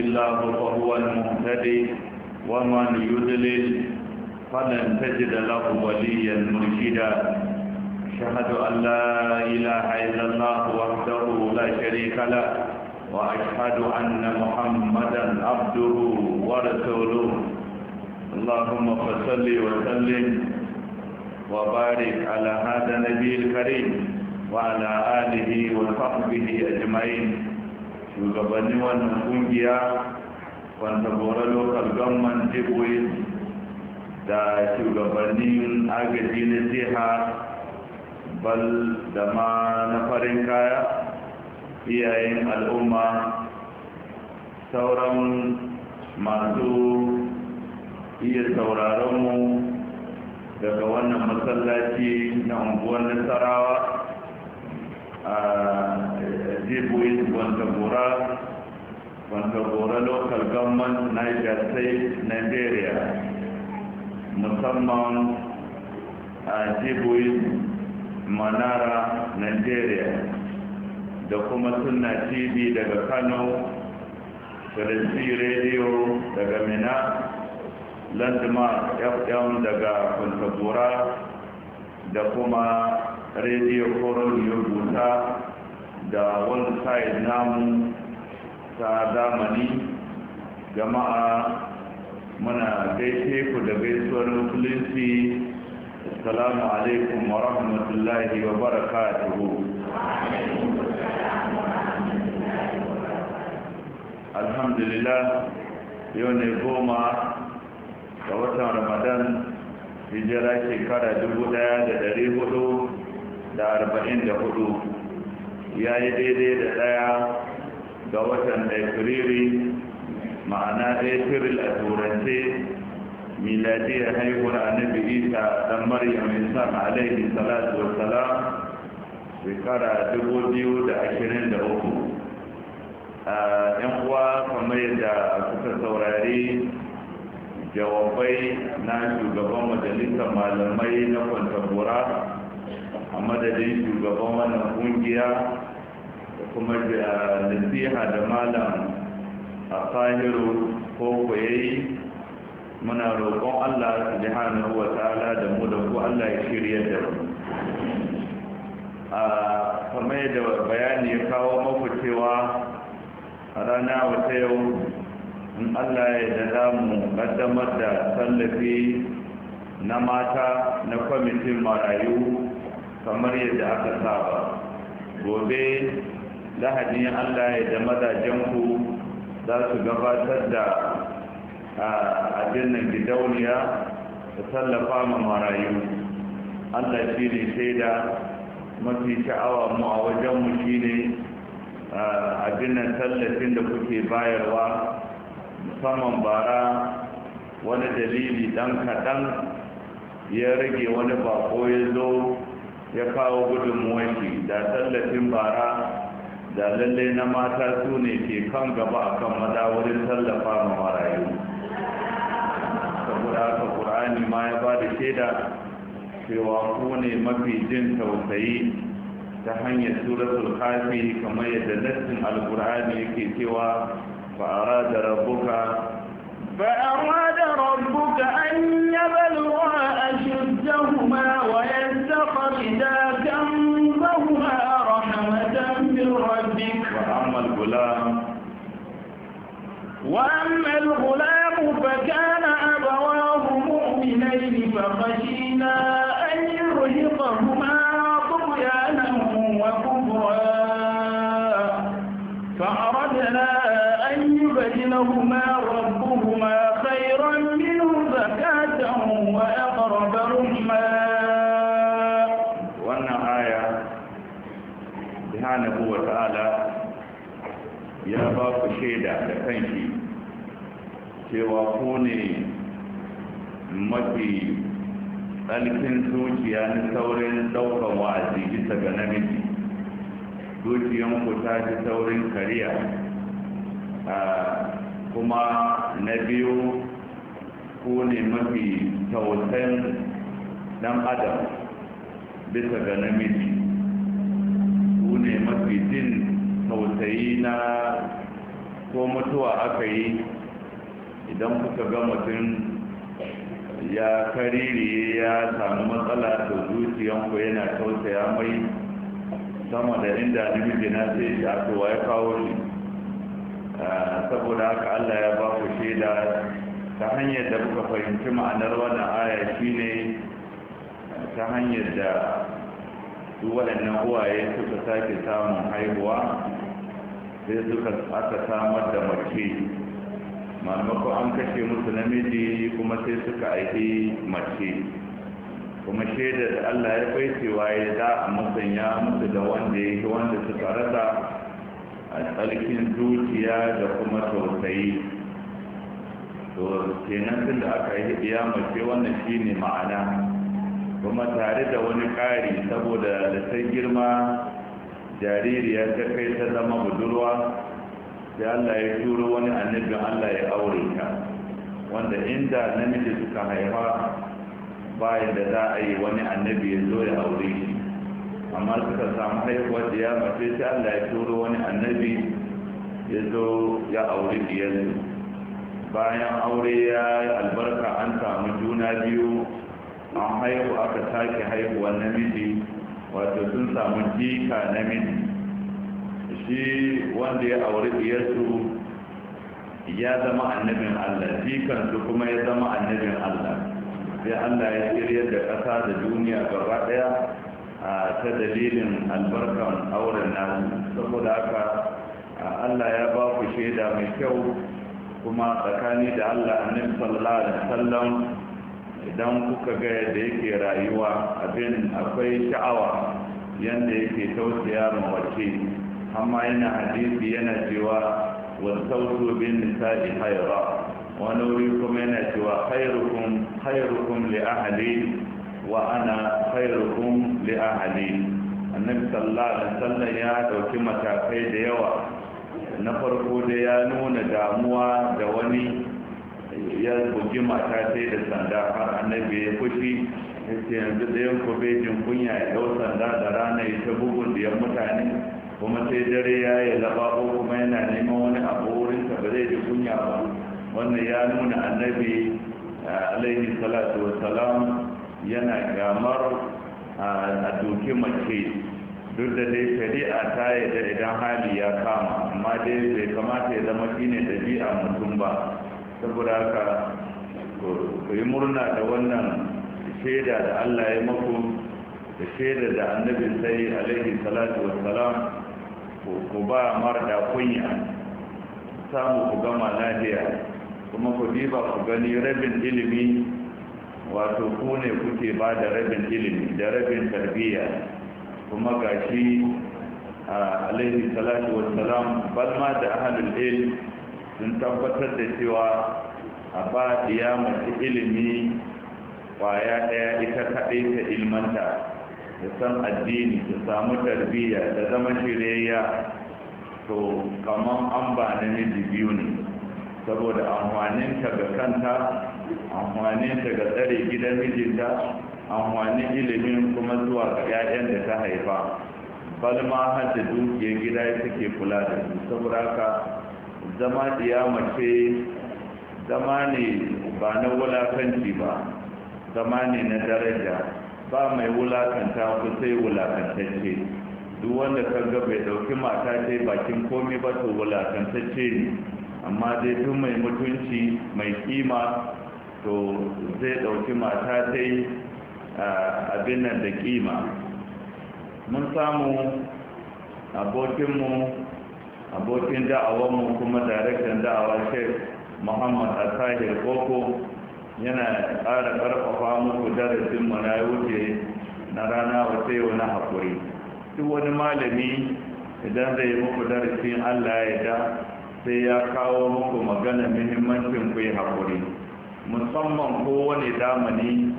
الله فهو المهتدي ومن يضلل فلن تجد له وليا مرشدا أشهد أن لا إله إلا الله وحده لا شريك له وأشهد أن محمدا عبده ورسوله اللهم صل وسلم وبارك على هذا النبي الكريم وعلى آله وصحبه أجمعين shugabannin wannan kungiya wanda bora local government jibuwis da shugabannin agaji na jiha bal da ma na farin kaya iyayen al'umma sauran masu iya sauraronmu daga wannan masallaci na unguwar nasarawa jibuyi kwantagora kwantagora local government niger state nigeria musamman a jibuyi manara nigeria da kuma suna tv daga kano firinsi radio daga mina landmark fm daga kwantagora da kuma radio ya yoguta da website namu ta zamani jama'a muna gaishe ku da gaisuwar musulunci assalamu alaikum wa rahmatullahi wa barakatuhu alhamdulillah yau ne goma ga watan ramadan hijira shekara dubu ɗaya da dari hudu da arba'in da hudu ya yi daidai da daya ga watan Afriri, ma'ana april a turance a haihuwar annabi isa dan maryam isa alaihi salatu wa salam shekara uku. yan uwa kamar yadda kuka saurari jawabai na shugaban majalisar malamai na kwantagora a madadin shugaban wannan kungiya da kuma nasiha da malam a fahiru ko kwayayi muna roƙon allah subhanahu wa ta'ala da mu da ku allah ya shirya da mu a kamar da bayani kawo maku cewa a rana wata yau in allah ya da damu ƙaddamar da tallafi na mata na kwamitin marayu kamar yadda aka saba gobe lahadin allah ya da mazajenku za su gabatar da abinnan gidauniya da tallafa ma marayu allah shi ne sai da mafi sha'awa mu a wajenmu shi ne abinnan tallafin da kuke bayarwa musamman bara wani dalili dan kaɗan ya rage wani bako ya zo ya kawo gudun shi da tallafin bara da lalle na mata su ne ke kan gaba a kan maza wurin tallafa ma marayu saboda haka ƙur'ani ma ya ba da shaida cewa ku ne mafi jin tausayi ta hanyar suratul kafi kamar yadda nassin alƙur'ani yake cewa fa'ara da rabbuka فأراد ربك a يبلغا kuma ويبلغا فإذا رحمة من ربك وأما الغلام وأما الغلام فكان أبواه مؤمنين فخشينا أن يرهقهما طغيانا وكفرا فأردنا أن يبدلهما ربهما خيرا منه subhanahu wa ta'ala ya ba ku shaida da kanki cewa ku ne mafi tsalkin zuciya na saurin ɗaukar wa'azi bisa ga namiji zuciyanku ta ji saurin kariya ah, kuma na biyu ku ne mafi sautan ɗan adam bisa ga namiji ku ne mafi jin tausayi na ko mutuwa aka yi idan kuka ga mutum ya kariri ya samu matsala to zuciyanku yana tausaya mai sama da inda namiji na sai ya ya kawo shi saboda haka Allah ya ba ku shaida ta hanyar da kuka fahimci ma'anar wannan aya shine ta hanyar da duk waɗannan uwaye suka sake samun haihuwa sai suka aka samar da mace maimako an kashe musu namiji kuma sai suka aiki mace kuma shaida da allah ya bai cewa ya za a musanya musu da wanda ya wanda suka rasa a tsarkin zuciya da kuma tausayi to kenan tun da aka yi iya mace wannan shine ma'ana kuma tare da wani ƙari saboda da girma jaririya ta kai ta zama budurwa sai Allah ya turo wani annabin Allah ya aure ta wanda inda namiji suka haifa bayan da za a yi wani annabi ya zo ya aure shi amma suka samu haihuwar da ya mace sai Allah ya turo wani annabi ya zo ya aure diyarsu bayan aure ya albarka an samu juna biyu an haihu aka take haihuwa namiji wato sun samu jika namiji shi wanda ya auri diyarsu ya zama annabin allah jikansu kuma ya zama annabin allah sai allah ya shiryar da ƙasa da duniya gaba ɗaya ta dalilin albarkan auren nasu saboda haka Allah ya ba ku shaida mai kyau kuma tsakani da Allah annabi sallallahu alaihi wasallam idan kuka ga yadda yake rayuwa abin akwai sha'awa yadda yake tausaya ma wace amma yana hadisi yana cewa wasautu bin nisa'i hayra wani wuri kuma yana cewa khairukum khairukum li ahli wa ana khairukum li ahli annabi sallallahu alaihi wasallam ya dauki matakai da yawa na farko da ya nuna damuwa da wani ya buji mata sai da sanda har annabi ya fushi yace yanzu da yanku kunya ya dau sanda da rana ya ta bugun da yan mutane kuma sai dare ya yi labaɓo kuma yana neman wani abu wurin ba zai ji kunya ba wannan ya nuna annabi alaihi salatu wasalam yana gamar a doki mace duk da dai shari'a ta da idan hali ya kama amma dai bai kamata ya zama shine a mutum ba saboda haka ku yi murna da wannan shaida da Allah ya maku da shaida da annabin sai alaihi salatu wassalam ku ba marda kunya samu ku gama lafiya kuma ku diba ku gani rabin ilimi wato ku ne kuke ba da rabin ilimi da rabin tarbiyya kuma gashi alaihi salatu wassalam balma da ahalul ilmi sun tabbatar da cewa a ba ya mace ilimi kwaya ɗaya ita kaɗai ta ilmanta da san addini ta samu tarbiyya da zama shirayya to kaman an ba na miji biyu ne saboda amfaninta ga kanta amfaninta ga tsare gidan mijinta amfanin ilimin kuma zuwa ga 'ya'yan da ta haifa balma har da dukiyar gida take kula da su saboda haka zama diya mace zama ne ba na wulakanci ba zama ne na daraja ba mai wulakanta ku sai wulakantacce duk wanda kan ga bai ɗauki mata ce bakin komi ba to wulakantacce ne amma dai duk mai mutunci mai kima to zai ɗauki mata sai abin nan da kima mun samu abokinmu abokin mu kuma daraktan da'awa sheikh muhammad asahir koko yana ƙara ƙarfafa muku darasin mu na wuce na rana wata yau na haƙuri duk wani malami idan zai muku darasin allah ya da sai ya kawo muku magana muhimmancin ku yi haƙuri musamman kowane zamani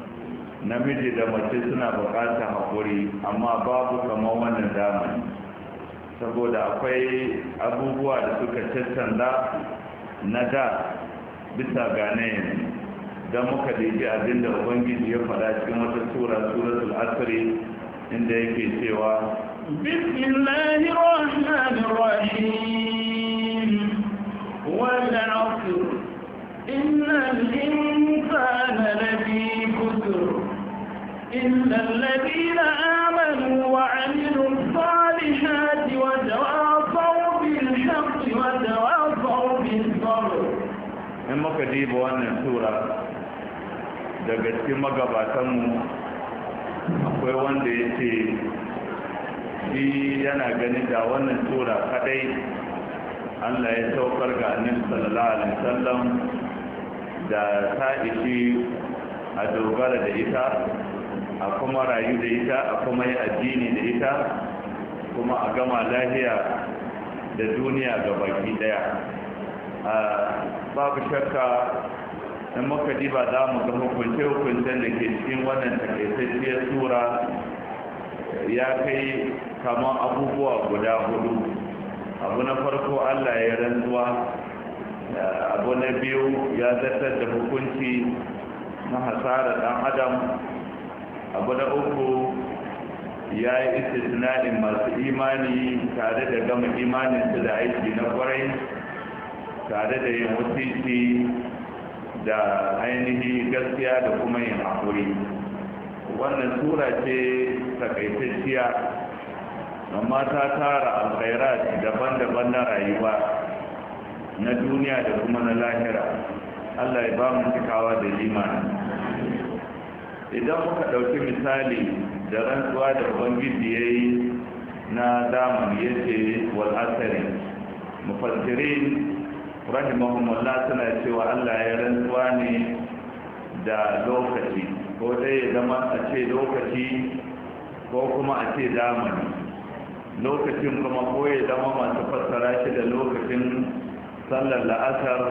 namiji da mace suna buƙatar haƙuri amma babu kamar wannan damani. saboda akwai abubuwa da suka cancanta na da bisa gane don muka daidai abin da ubangiji ya faɗa cikin wata tura suratul asiri inda yake cewa bismillahir rahmanir rahim wal asr innal na lafi kusur illa alladhina riba wannan tura daga cikin magabatanmu akwai wanda ya ce shi yana ganin da wannan tura kadai allah ya saukar ga annin sallallahu alaihi wasallam da ta ishi a dogara da ita a kuma rayu da ita a kuma yi addini da ita kuma a gama lahiya da duniya ga baki daya babu shakka in muka ba za mu ga hukunce-hukuncen da ke cikin wannan takaitacciyar tura ya kai kamar abubuwa guda hudu abu na farko allah ya rantsuwa abu na biyu ya zartar da hukunci na hasara dan adam abu na uku ya yi istisna'in masu imani tare da gama imaninsu da aiki na kwarai tare da yin wasisi da ainihi gaskiya da kuma yin haƙuri wannan tura ce takaitacciya amma ta tara alkhairat daban-daban na rayuwa na duniya da kuma na lahira allah ya ba mu cikawa da limani idan muka ɗauki misali da rantsuwa da ubangiji ya yi na zamani ya ce wal'asari mufassirin rahimahumullah suna cewa Allah ya rantsuwa ne da lokaci ko dai ya zama a ce lokaci ko kuma a ce zamani lokacin kuma ko ya zama masu fassara shi da lokacin sallar la'asar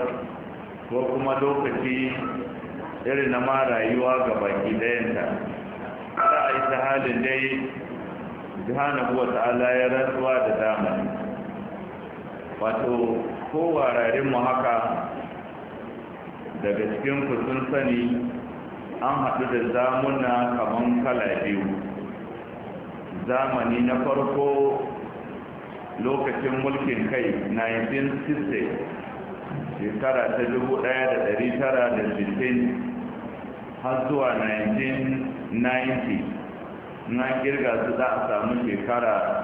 ko kuma lokaci irin na ma rayuwa ga baki dayanta za a yi halin dai jihana wa ta'ala ya rantsuwa da zamani wato ko mu haka daga cikinku sun sani an haɗu da zamuna kaman kala biyu zamani na farko lokacin mulkin kai 1960 shekara ta 1960 har zuwa 1990 na girga su za a samu shekara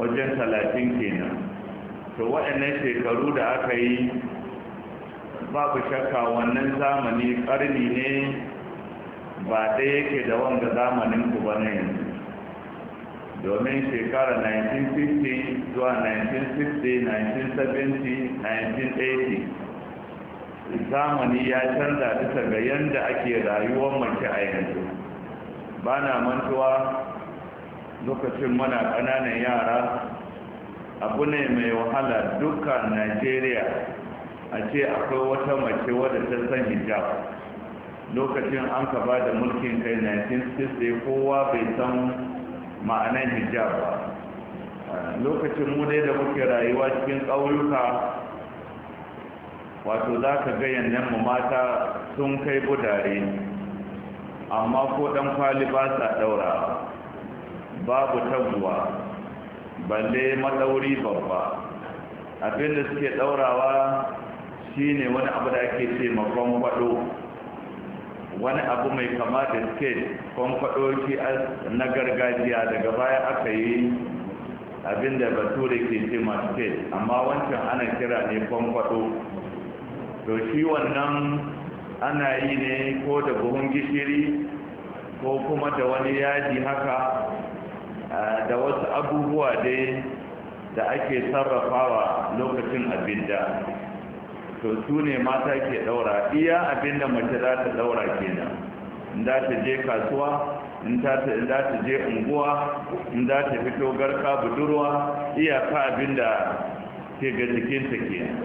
wajen talatin kenan to waɗannan shekaru da aka yi babu shakka wannan zamani ƙarni ne ba ɗaya yake da wanda zamanin ku ba na yanzu domin shekara 1950 zuwa 1960 1970 1980 zamani ya canza bisa ga yadda ake rayuwar mace a yanzu ba na mantuwa lokacin mana ƙananan yara abu ne mai wahala duka najeriya a ce akwai wata mace wadda ta san hijab lokacin an ka ba da mulkin kai 1960 kowa bai san ma'anar hijab ba lokacin mu dai da muke rayuwa cikin ƙauyuka wato za ka ga yannan mu mata sun kai budare amma ko ɗan kwali ba sa ɗaura babu taguwa balle madauri babba abin da suke daurawa shine wani abu da ake ce ma kwamfado wani abu mai kama da suke kwamfado shi na gargajiya daga baya aka yi abin da bature ke ce ma amma wancan ana kira ne kwamfado to shi wannan ana yi ne ko da buhun gishiri ko kuma da wani yaji haka da wasu abubuwa dai da ake sarrafawa lokacin abinda to su ne mata ke daura iya abinda mace za ta daura kenan in za ta je kasuwa in za ta je unguwa in za ta fito garka budurwa iyaka abinda ke ga jikinta kenan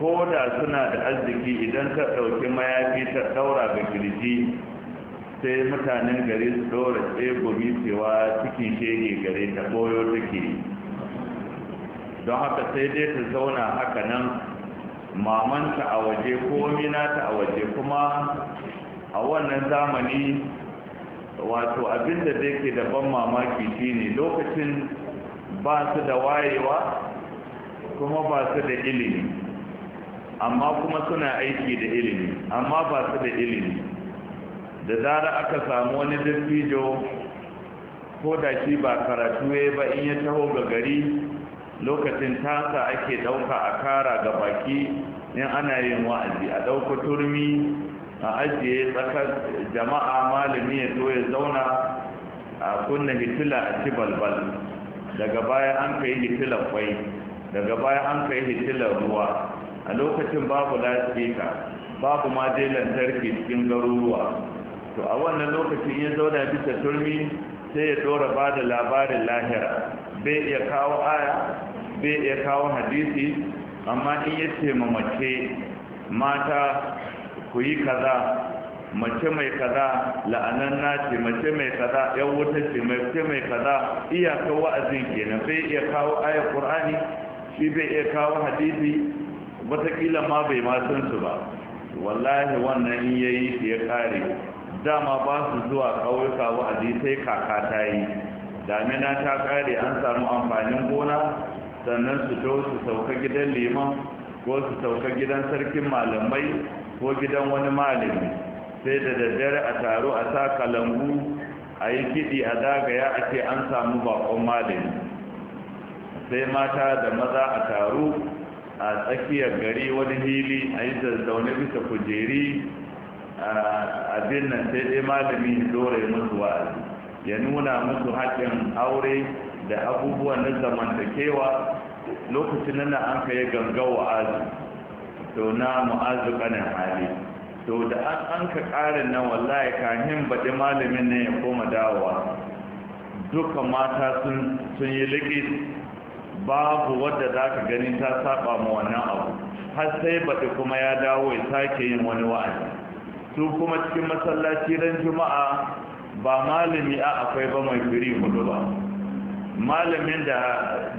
ko da suna da arziki idan ta ɗauki mayafi ta ɗaura ga girji? sai mutanen gari su dora tsegumi cewa cikin shege gare ta koyo take don haka sai dai ta zauna haka nan mamanta a waje ko minata a waje kuma a wannan zamani wato abinda da ke daban ban mamaki shine lokacin ba su da wayewa kuma ba su da ilimi amma kuma suna aiki da ilimi amma ba su da ilimi da zara aka samu wani dattijo ko da shi ba karatu ya ba in ya taho ga gari lokacin tasa ake ɗauka a kara ga baki in ana yin wa'azi a dauka turmi a ajiye tsakar jama'a malami ya zo ya zauna a kunna hitila a ci balbal daga baya an ka yi hitilar kwai daga baya an ka yi hitilar ruwa a lokacin babu lasfika babu ma dai lantarki cikin garuruwa to a wannan lokacin ya zauna bisa turmi sai ya dora ba da labarin lahira bai iya kawo aya bai iya kawo hadisi amma in ya ce ma mace mata ku yi kaza mace mai kaza la'anan nace mace mai kaza yan wuta ce mace mai kaza iyaka wa'azin kenan bai iya kawo aya qur'ani shi bai iya kawo hadisi wataƙila ma bai ma san su ba wallahi wannan in yayi shi ya kare dama ba su zuwa ƙauyuka wa'azi sai kaka ta yi damina ta ƙare an samu amfanin gona sannan su to su sauka gidan liman ko su sauka gidan sarkin malamai ko gidan wani malami sai da daddare a taro a sa kalangu a yi kiɗi a zagaya a ce an samu bakon malami sai mata da maza a taro a tsakiyar gari wani hili a yi zazzaune bisa kujeri abin nan sai dai malami ya dore musu wa'azi ya nuna musu haƙƙin aure da abubuwan na zamantakewa lokacin nan an kai gangawa azu to na mu'azu kanin hali to da an an ka ƙarin nan wallahi kahin baɗi malamin ne ya koma dawowa duka mata sun yi likit. babu wadda za ka gani ta saba ma wannan abu har sai baɗi kuma ya dawo ya sake yin wani wa'azi su kuma cikin masallaci ran juma'a ba malami a akwai ba mai firi hudu ba malamin da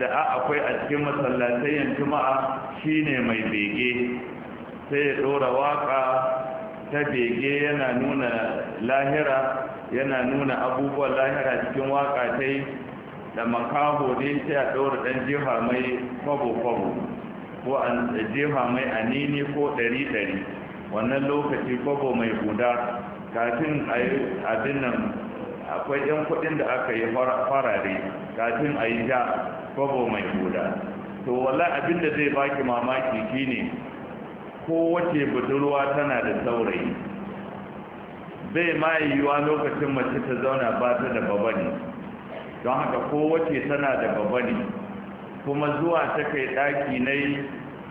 a akwai a cikin masallatayen juma'a shine mai bege sai ya ɗora waka ta bege yana nuna lahira yana nuna abubuwan lahira cikin waka ta yi da makaho ne sai a ɗora ɗan jefa mai kwabo-kwabo ko a jefa mai anini ko ɗari-ɗari wannan lokaci kwabo mai guda kafin a yi abin nan akwai yan kudin da aka yi farare kafin a yi ja kwabo mai guda to wala abin da zai baki mamaki shine kowace budurwa tana da saurayi bai ma yiwuwa lokacin mace ta zauna ba ta da babani don haka kowace tana da babani kuma zuwa ta kai daki na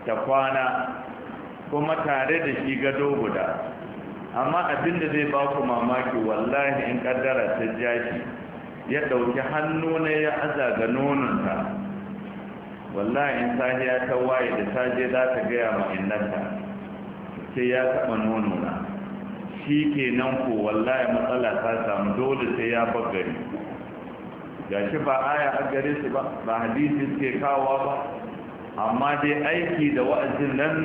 ta kwana kuma tare da shi gado guda amma abin da zai ba ku mamaki wallahi in kaddara ta jashi ya ɗauki hannu ne ya aza ga nononta wallahi in ya ta waye da ta je za ta gaya ma innata sai ya taɓa nonona shi kenan ko wallahi matsala ta samu dole sai ya bagari ga shi ba aya a gare su ba ba hadisi suke kawa ba amma dai aiki da wa'azin nan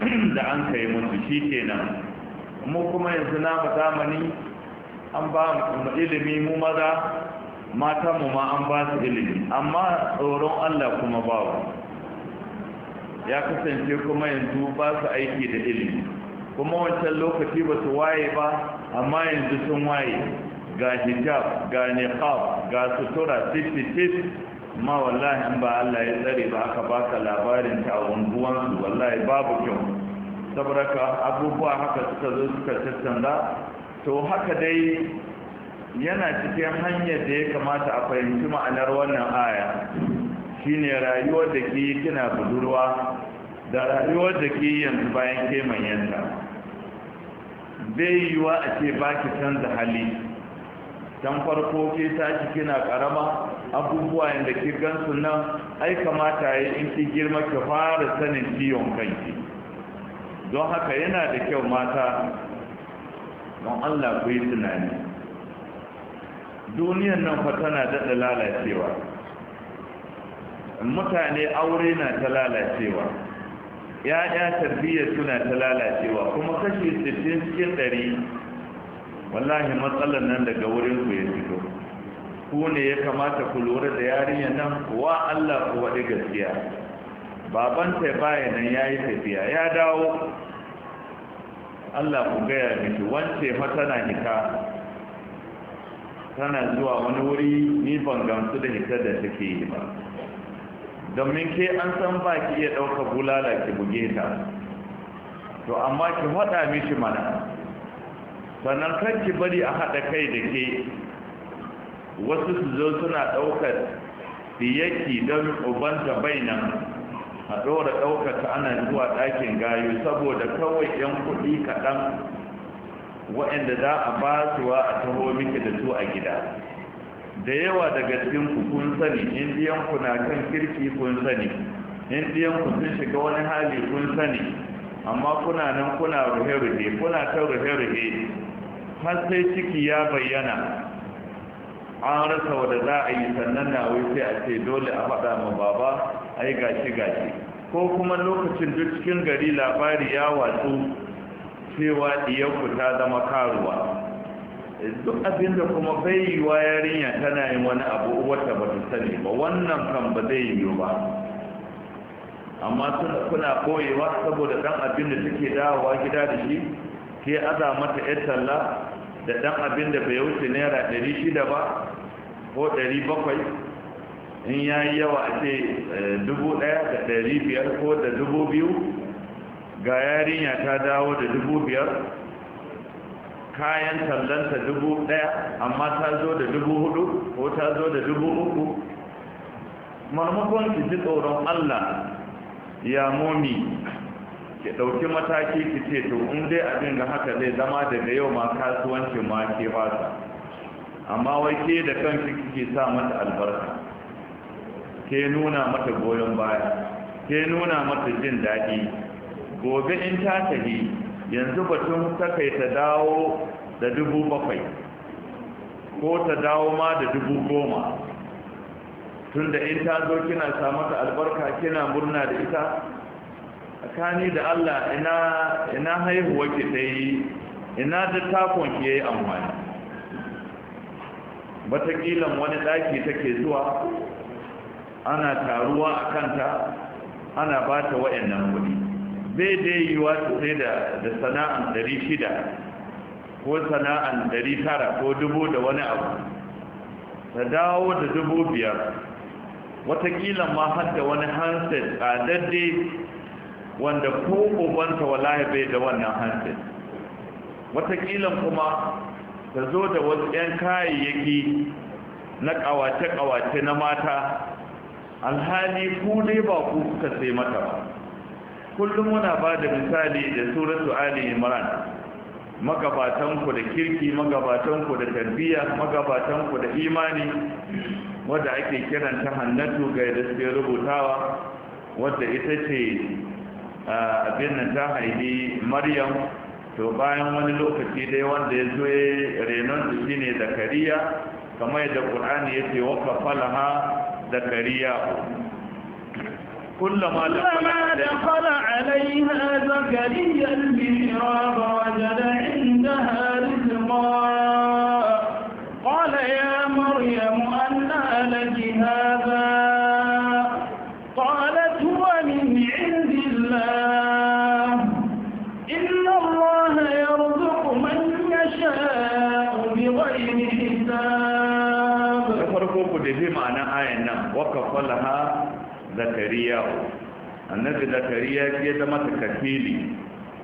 da an kai musu shi kenan mu kuma yanzu namu zamani an ba mu ilimi mu maza matan mu ma an ba su ilimi amma tsoron Allah kuma babu ya kasance kuma yanzu ba su aiki da ilimi kuma wancan lokaci ba su waye ba amma yanzu sun waye ga hijab ga niqab ga sutura 66 amma wallahi an ba Allah ya tsare ba aka baka labarin ta a su wallahi babu kyau saboda ka abubuwa haka suka zo suka tattanda to haka dai yana cikin hanyar da ya kamata a fahimci ma'anar wannan aya shine rayuwar da ke kina budurwa da rayuwar da ke yanzu bayan ke manyanta bai yiwuwa a ce baki canza hali Tan farko ke tashi kina karama abubuwa da ki gansu nan ai kamata ya in ki girma ki fara sanin ciwon kanki don haka yana da kyau mata don Allah ku yi tunani duniyan nan fa tana daɗa lalacewa mutane aure na ta lalacewa ya'ya tarbiyyar suna ta lalacewa kuma kashi 60 cikin ɗari. wallahi matsalar nan daga wurin ku ya fito ku ne ya kamata ku lura da yarinya nan wa Allah ku waɗi gaskiya baban ta baya nan ya yi tafiya ya dawo Allah ku gaya miki wance fa tana hita tana zuwa wani wuri ni ban gamsu da hita da take yi ba domin ke an san ba ki iya ɗauka bulala ki buge ta to amma ki faɗa mishi mana sannan kanki bari a haɗa kai da ke wasu su zo suna ɗaukar fiyaki don ubanta bai nan a ɗora ɗaukata ana zuwa ɗakin gayu saboda kawai 'yan kuɗi kaɗan waɗanda za a ba suwa a taho miki da su a gida da yawa daga cikin kun sani indiyanku na kan kirki kun sani indiyanku sun shiga wani hali kun sani amma kuna nan kuna ruhe-ruhe kuna ta ruhe-ruhe har sai ciki ya bayyana an rasa wadda za a yi sannan na wuce sai a ce dole a faɗa ma baba a yi gashi gashi ko kuma lokacin duk cikin gari labari ya watsu cewa ɗiyarku ta zama karuwa duk abin kuma bai wa yarinya tana yin wani abu wata ba ta sani ba wannan kan ba zai yi ba amma suna kuna koyewa saboda dan abin da take dawowa gida da shi ke aza mata yar talla da dan abin da bai wuce naira ɗari shida ba ko 700 in ya yi yawa a ce eh, dubu ko da dubu ga yarinya ta dawo da dubu biyar kayan tallanta dubu amma ta zo da dubu ko ta zo da dubu uku marmakon ki ji tsoron allah ya momi ki ɗauki mataki ki ce to in dai abin dinga haka zai zama daga yau ma kasuwancin ma ke fasa amma wai ke da kanki kike sa mata albarka ke nuna mata goyon baya ke nuna mata jin daɗi gobe in ta tafi yanzu batun ta kai ta dawo da dubu bakwai ko ta dawo ma da dubu goma tunda in ta zo kina sa mata albarka kina murna da ita tsakani da Allah ina ina haihuwa ke ta yi ina da takon ke yayi amfani watakilan wani ɗaki take zuwa ana taruwa a kanta ana ba ta wa'annan kuɗi bai dai yiwa ta sai da da sana'an ɗari shida ko sana'an dari tara ko dubu da wani abu ta dawo da dubu biyar watakilan ma har da wani handset tsadadde wanda ko ubanta wallahi bai da wannan hancin. watakila kuma ta zo da wasu 'yan kayayyaki na kawace-kawace na mata alhali ku dai ba ku suka sai mata ba kullum muna ba da misali da suratu ali imran magabatanku da kirki magabatanku da tarbiyya magabatanku da imani wadda ake kiranta hannatu ga yadda suke rubutawa wadda ita ce abin nan ta haihi maryam to bayan wani lokaci dai wanda ya zo ya renon su da zakariya kamar yadda qur'ani ya ce wa kafalaha zakariya كلما دخل عليها زكريا المحراب وجد عندها رزقا yawo annabi zakariya ya zama ta kafili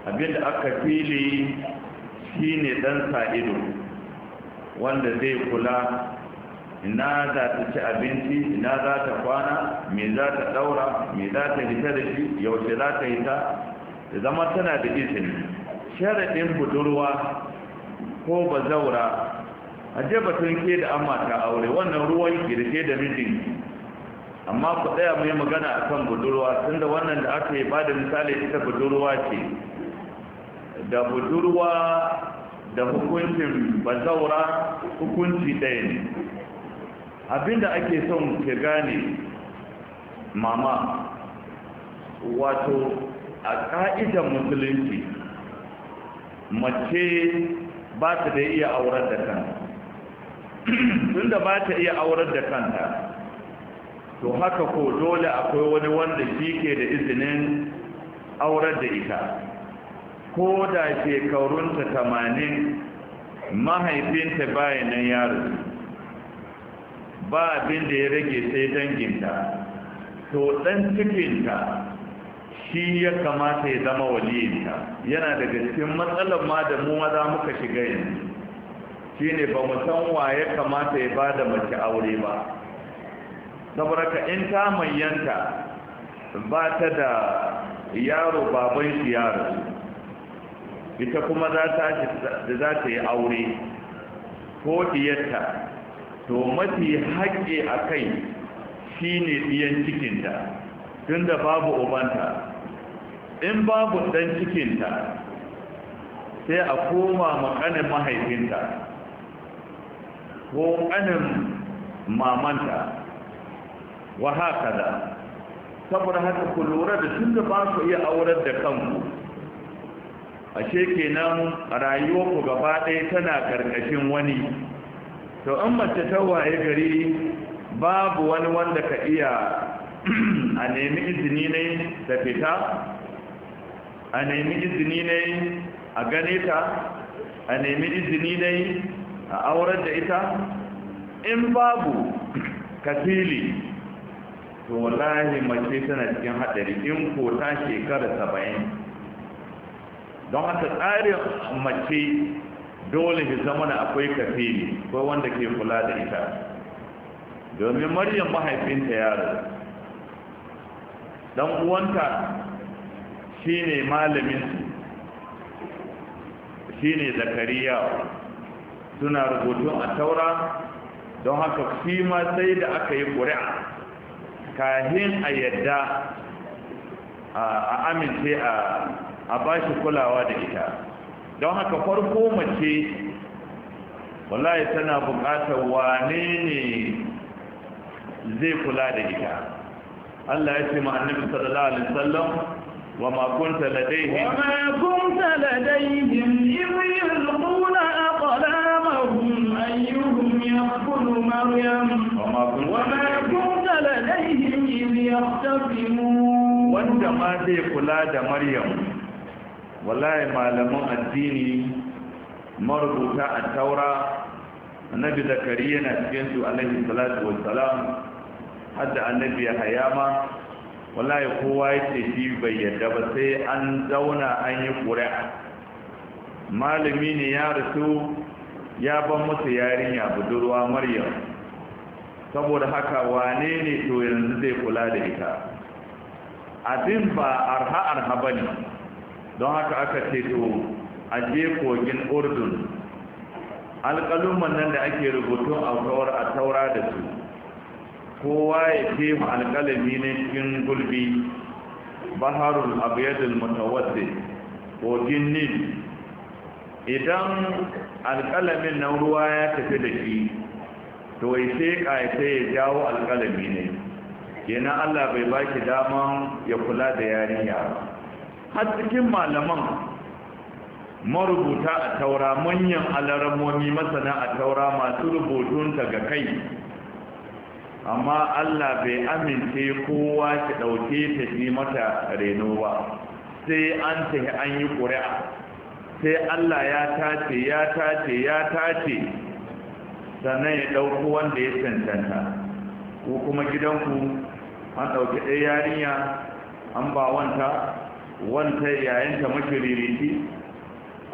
abinda aka fili shine dan sa'ido wanda zai kula ina za ta ci abinci ina za ta kwana me za ta daura me za ta hita da shi yaushe za ta hita da zama tana da izini sharaɗin budurwa ko ba zaura a batun ke da amma ta aure wannan ruwan girke da ke amma ku tsaya mai magana a kan budurwa tunda wannan da aka yi ba da misali ita budurwa ce da budurwa da hukuncin bazaura hukunci ɗaya ne abinda ake son ke gane mama wato a ƙa'idar musulunci mace ba ta da iya aurar da kanta tunda ba ta iya aurar da kanta to haka ko dole akwai wani wanda shi ke da izinin aurar da ita ko da shekarunta tamanin mahaifinta bayanan yaro ba abin da ya rage sai danginta to ɗan cikinta shi ya kamata ya zama waliyinta yana daga cikin matsalar ma da mu maza muka shiga yanzu shi ne ba mu san wa ya kamata ya ba da mace aure ba saboda ka in ta manyanta ba ta da yaro baban shi yaro ita kuma za ta yi aure ko diyarta to mafi haƙƙi a kai shi ne ɗiyan cikinta tun da babu ubanta in babu ɗan cikinta sai a koma maƙanin mahaifinta ko ƙanin mamanta wa haka saboda haka ku lura da tun da ba ku iya aurar da kanku ashe kenan rayuwarku gaba ɗaya tana ƙarƙashin wani to in mace tawaye gari babu wani wanda ka iya a nemi izini ne da fita a nemi izini ne a gane ta a nemi izini ne a aurar da ita in babu kafili to wallahi mace tana cikin haɗari in ko ta shekara saba'in don haka tsarin mace dole ya zama na akwai kafili ko wanda ke kula da ita domin maryam mahaifinta yaro dan uwanta shine malamin shine zakariya suna rubutu a taura don haka shi ma sai da aka yi ƙuri'a kahin a yadda a amince a ba shi kulawa da ita don haka farko mace wallahi tana bukatar wane ne zai kula da ita Allah ya ce ma'annabi sallallahu alaihi wasallam wa ma kunta ladaihim wa ma kunta ladaihim idh yulquna aqlamahum ayyuhum يقتل مريم وما كنت لديهم إذ يختصمون وانت ما زي كلا دا مريم والله ما لم أديني مربوطة التوراة النبي زكريا نسجنت عليه الصلاة والسلام حتى النبي حياما wallahi kowa ya ce shi bai yadda ba sai an zauna an yi ƙuri'a malami ne ya rasu ya ban musu yarinya budurwa maryam saboda haka wane ne to yanzu zai kula da ita abin ba arha arha ba ne don haka aka ce to a je kogin urdun alƙaluman nan da ake rubutun a a taura da su kowa ya mu alƙalami ne cikin gulbi baharul abyad mutawaddi kogin nil idan alƙalamin nan ruwa ya tafi da shi to ya sai ya ya jawo alƙalami ne kenan Allah bai baki dama ya kula da yarinya har cikin malaman marubuta a taura manyan alaramomi masana a taura masu rubutun daga kai amma Allah bai amince kowa ki ɗauke ta ji mata reno ba sai an tafi an yi ƙuri'a sai Allah ya tace ya tace ya tace sannan ya ɗauko wanda ya cancanta ko kuma gidanku an ɗauki ɗaya yarinya an ba wanta wanta yayinta makiririki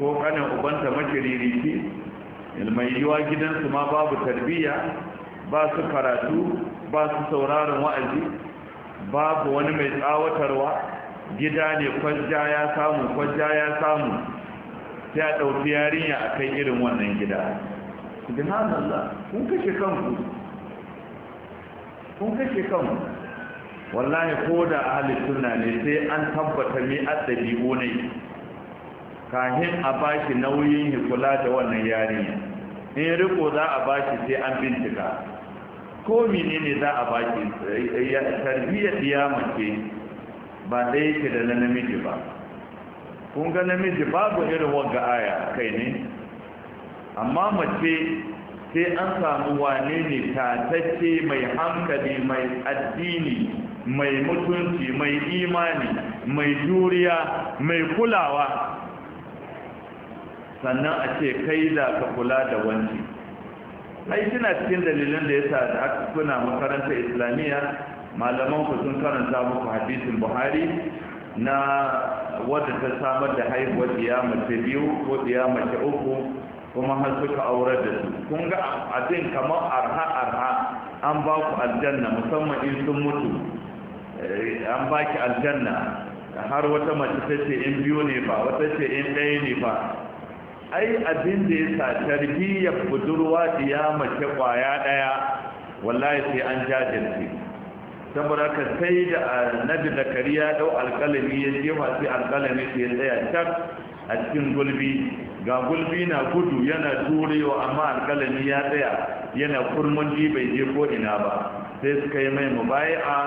ko kanin ubanta makiririki mai yiwa gidansu ma babu tarbiyya ba su karatu ba su sauraron wa'azi babu wani mai tsawatarwa gida ne kwajja ya samu kwajja ya samu sai a ɗauki yarinya a kai irin wannan gida subhanallah kun kashe kanku kun kashe kanku wallahi ko da ahli sunna ne sai an tabbata mai addabi ne kahin a bashi nauyin hikula da wannan yarinya in riko za a bashi sai an bincika ko menene za a bashi eh, eh, tarbiyyar ya mace ba ɗaya ke da na namiji ba kun ga namiji babu irin wagga aya kai ne amma mace sai an samu wane ne tatacce mai hankali mai addini mai mutunci mai imani mai juriya mai kulawa sannan a ce kai da ka kula da wani ai kina cikin dalilin da yasa da kuna makarantar islamiyya malaman ku sun karanta muku hadisin buhari na wadda ta samar da haihuwa diya mace biyu ko diya mace uku kuma har suka aurar da su kun ga abin kamar arha arha an ba ku aljanna musamman in sun mutu eh, an ba ki aljanna har wata mace ta ce in biyu ne ba wata ce in ɗaya ne ba ai abin da ya sa tarbiyyar budurwa diya mace kwaya ɗaya wallahi sai an jajirce saboda ka sai da annabi zakariya dau alkalami ya ma sai alkalami ya tsaya tak a cikin gulbi ga gulbi na gudu yana turewa amma alkalami ya tsaya yana kurmun bai je ko ina ba sai suka yi mai mubaya'a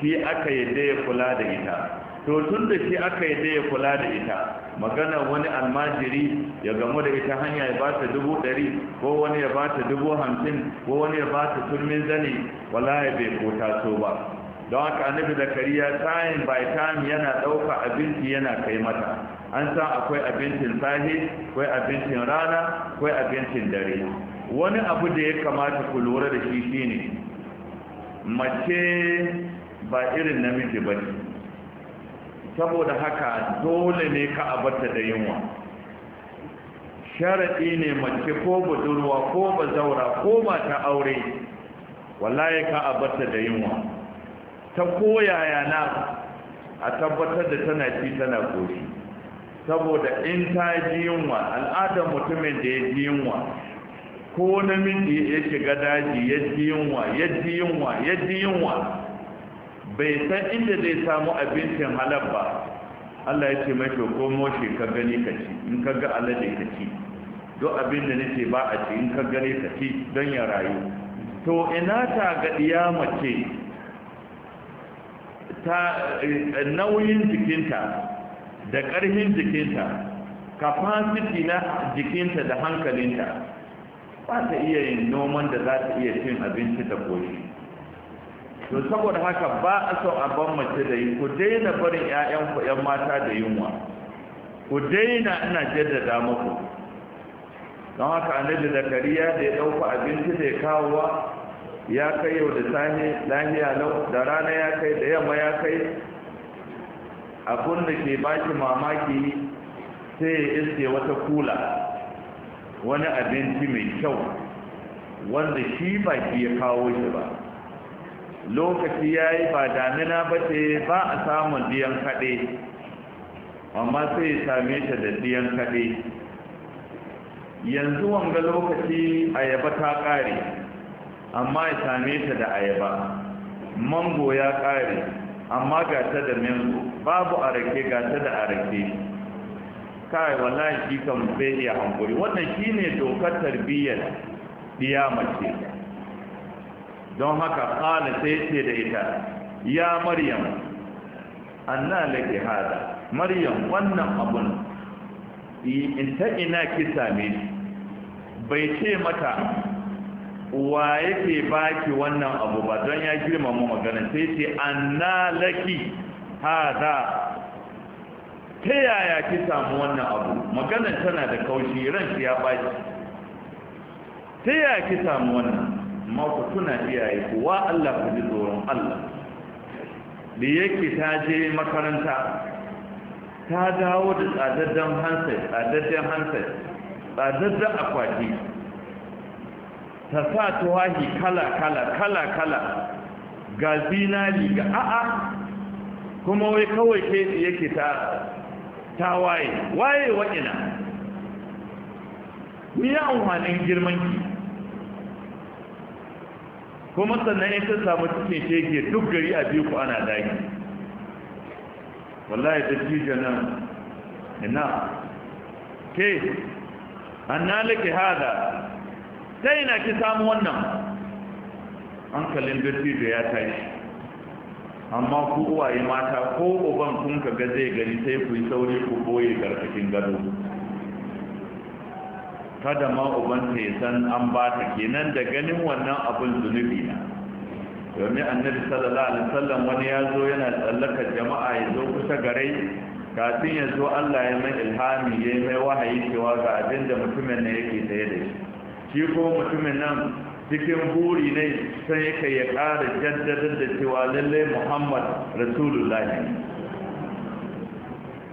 shi aka yadda ya kula da ita to tun da shi aka yi ya kula da ita magana wani almajiri ya gamu da ita hanya ya bata dubu ɗari ko wani ya bata dubu hamsin ko wani ya bata turmin zane wala ya bai ko so ba don haka annabi kariya, tayin by time yana ɗauka abinci yana kai mata an san akwai abincin sahi akwai abincin rana akwai abincin dare wani abu da ya kamata ku lura da shi shine mace ba irin namiji ba ne saboda haka dole ne ka abata da yunwa sharaɗi ne mace ko budurwa ko bazaura ko mata aure wallahi ka abata da yunwa ta koyaya na a tabbatar da tana ci tana koshi saboda in ta ji yunwa al'adar mutumin da ya ji yunwa ko namiji ya shiga daji ya ji yunwa ya ji yunwa ya ji yunwa bai san inda zai samu abincin halal ba Allah ya ce mai komo shi ka gani ka ci in ka ga alade ka ci abin da nace ba a ci in ka gani ka ci don ya rayu to ina ta ga diyama ce ta eh, nauyin jikinta da karfin jikinta capacity na jikinta da hankalinta ba ta iya yin noman da za ta iya cin abinci da koshi to saboda haka ba a son a ban mace da yi ku daina barin 'ya'yan ku 'yan mata da yunwa ku daina ina jaddada muku don haka annabi zakariya da ya ɗauka abinci da ya kawo wa ya kai yau da Sani, lahiya lau da rana ya kai da yamma ya kai abun da ke baki mamaki sai ya iske wata kula wani abinci mai kyau wanda shi baki ya kawo shi ba lokaci ya yi ba damina ba ce ba a samun diyan kaɗe amma sai ya same ta da diyan kaɗe yanzu wanga lokaci ayaba ta ƙare amma ya same ta da ayaba mango ya ƙare amma ga ta da mango babu arake ga ta da arake kai wallahi shi kan bai iya hankuri wannan shine dokar tarbiyyar ɗiya mace don haka ƙala sai ce da ita ya maryam anna laki hada maryam wannan abun in ta ina ki same bai ce mata wa yake baki wannan abu ba don ya girmama magana sai ce anna laki hada ta yaya ki samu wannan abu maganar tana da kaushi ran ya baki ta yaya ki samu wannan mauta suna tuna iyaye kuwa Allah ku ji tsoron Allah da yake ta je makaranta ta dawo da tsadaddan hansai tsadaddan hansai tsadaddan akwati ta sa tuwahi kala kala kala kala ga zinari ga a'a kuma wai kawai ke yake ta ta waye waye wa'ina ni ya amfanin girman kuma sannan in ka samu cikin shege duk gari a biyu ku ana daki wallahi da nan ina ke annalike hada ta ina ki samu wannan hankalin da ya tashi amma ku uwaye mata ko uban kun ka ga zai gani sai ku yi sauri ku boye garkakin gado kada ma ubanta ya san an ba ta kenan da ganin wannan abin zunubi na domin annabi sallallahu alaihi wasallam wani ya zo yana tsallakar jama'a ya zo kusa gare kafin ya zo Allah ya mai ilhami ya mai wahayi cewa ga abin da mutumin nan yake tsaye da shi shi ko mutumin nan cikin buri ne sai yake ya ƙara jaddadar da cewa lallai Muhammad rasulullahi ne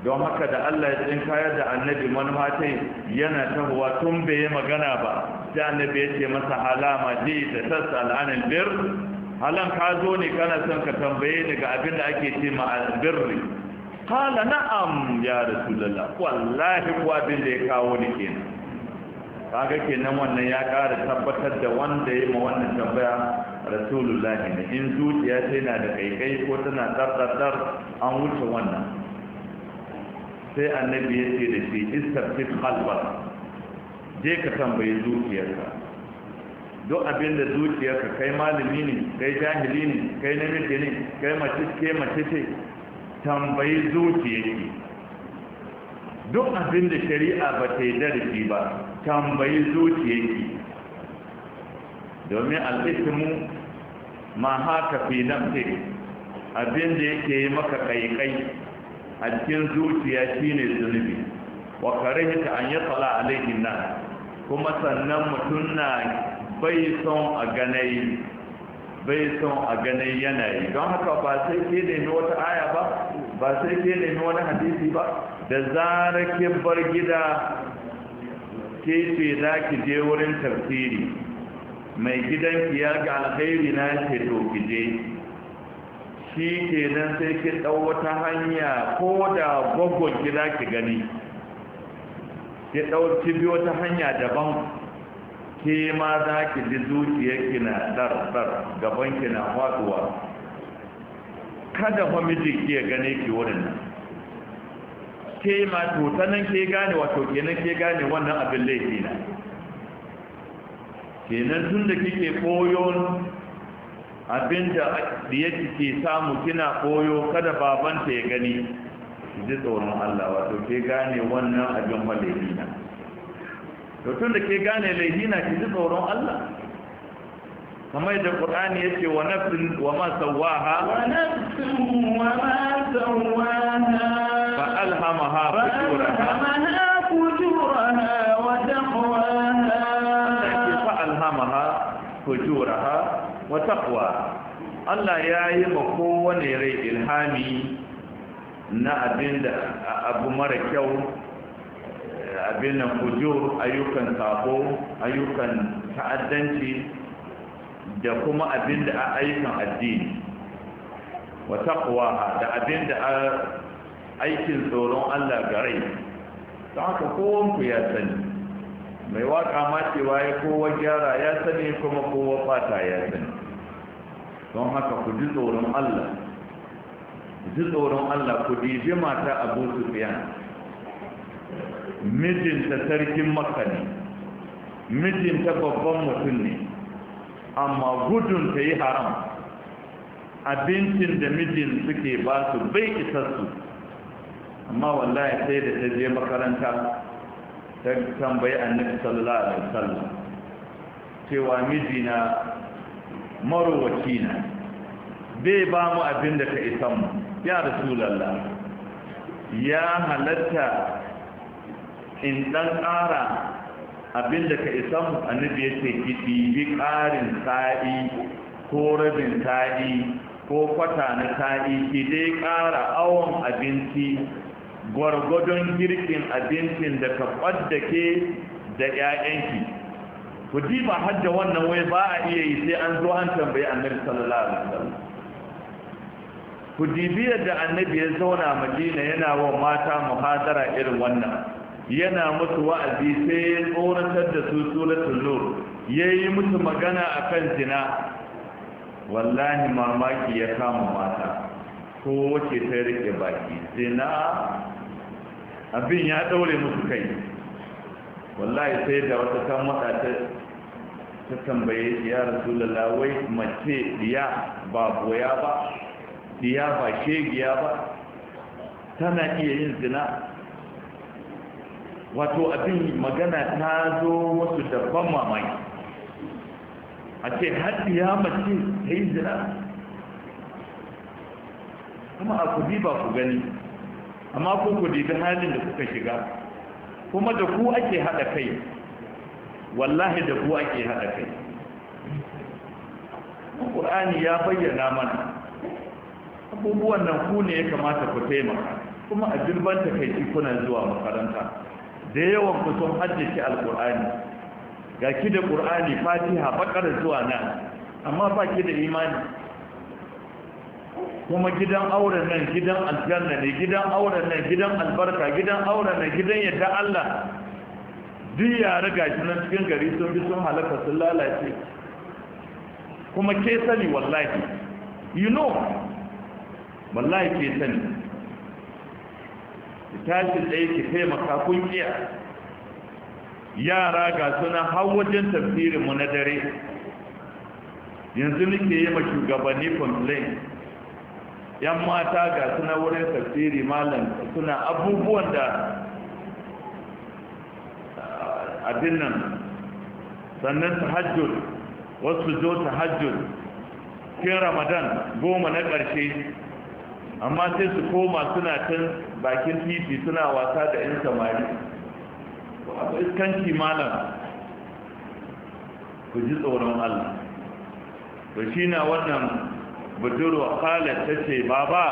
don haka da Allah ya tsin kayar da annabi manufatai yana tahowa tun bai magana ba sai annabi ya ce masa alama ji da sassa al'anin bir halan ka zo ne kana son ka tambaye ni abin da ake ce ma birri kala na'am ya rasulullah wallahi ko abin da ya kawo ni kenan kaga kenan wannan ya kara tabbatar da wanda ya ma wannan tambaya rasulullahi ne in zuciya sai na da kaikai ko tana tsartsar an wuce wannan sai annabi ya ce da shi istafid qalbak je ka tambayi zuciyarka duk abin da zuciyarka kai malami ne kai jahili ne kai namiji ne kai mace ke mace ce tambayi zuciyarki duk abin da shari'a ba ta yi darasi ba tambayi zuciyarki domin al'ismu ma haka fi nafsi abin da yake yi maka kaikai a cikin zuciya shine zunubi wa ta an yi a laifin nan kuma sannan mutum na bai son a ganai bai son a ganai yanayi don haka ba sai ke nemi wata aya ba ba sai ke nemi wani hadisi ba da zarar ke bar gida ke ce za ki je wurin tafsiri mai gidanki ya ga alkhairi na ce to ki je shi kenan sai ke ɗau wata hanya ko da gwaggon ki za ki gani ki ɗau ki bi wata hanya daban ke ma za ki ji zuciyarki na dar dar gaban ki na faduwa kada fa miji ki ya gane ki wurin nan ke ma to ta nan ke gane wato ke nan ke gane wannan abin laifi na kenan tun da kike koyon abinda diyarki ke samu kina koyo kada babanta ya gani ji tsoron Allah wato ke gane wannan abin wa to tun da ke gane laihina ki ji tsoron Allah kamar da Qur'ani ce wa nafsin wa ma sawaha wa nafsin wa ma sawaha fa alhamaha alhamaha wa Allah ya yi ma kowane rai ilhami na abin da abu mara kyau abin na fujur ayyukan sabo ayyukan ta'addanci da kuma abin da ayyukan addini wa da abin da aikin tsoron Allah ga rai ta haka ku ya sani mai waka ma cewa ya kowa gyara ya sani kuma kowa fata ya sani don haka ku ji tsoron Allah ji tsoron Allah ku dije mata Abu Sufyan mijinta sarkin Makka ne mijinta babban mutum ne amma gudun ta yi haram abincin da mijin suke ba su bai isassu amma wallahi sai da ta je makaranta ta tambayi annabi sallallahu alaihi wasallam cewa mijina maro na bai ba mu abin da ka isan mu ya rasulallah ya halatta in dan ƙara abin da ka isan mu annabi ya ce ki bi ƙarin sa'i ko rabin sa'i ko kwata na sa'i ki dai ƙara awon abinci gwargwadon girkin abincin da ka ke da 'ya'yanki ku ba hajja wannan wai ba a iya yi sai an zo an tambayi annabi sallallahu alaihi wasallam ku dibi da annabi ya zauna madina yana wa mata muhadara irin wannan yana musu wa'azi sai ya tsoratar da su suratul nur yayi musu magana akan zina wallahi mamaki ya kama mata ko wace ta rike baki zina abin ya daure musu kai wallahi sai da wata kan wata ta ta tambaye ya rasulullah wai mace diya ba boya ba diya ba shegiya ba tana iya yin zina wato abin magana ta zo wasu dabban mamaki a ce haddiya mace ta yi zina kuma a ku ba ku gani amma ku ku dibi halin da kuka shiga kuma da ku ake haɗa kai wallahi da ku ake haɗa kai ƙur'ani ya bayyana mana abubuwan nan ku ne ya kamata ku taimaka kuma a kai takaici kuna zuwa makaranta da yawan ku sun haddace alƙur'ani ga ki da ƙur'ani fatiha bakar zuwa nan amma ba ki da imani kuma gidan auren nan gidan aljanna ne gidan auren nan gidan albarka gidan auren nan gidan yadda Allah duk riga shi nan cikin gari sun bi sun halaka sun lalace kuma ke sani wallahi you know wallahi ke sani ki tashi tsaye ki taimaka kun kiya yara ga suna har wajen tafsirinmu na dare yanzu nake yi ma shugabanni complaint yan mata ga suna wurin tafsiri malam suna abubuwan da ah, abin nan sannan tahajjud wasu jo tahajjud cikin ramadan goma na ƙarshe amma sai su koma suna can bakin titi suna wasa da 'yan samari iskanci malam ku ji tsoron allah to shi na wannan budurwa kalar ta ce ba ba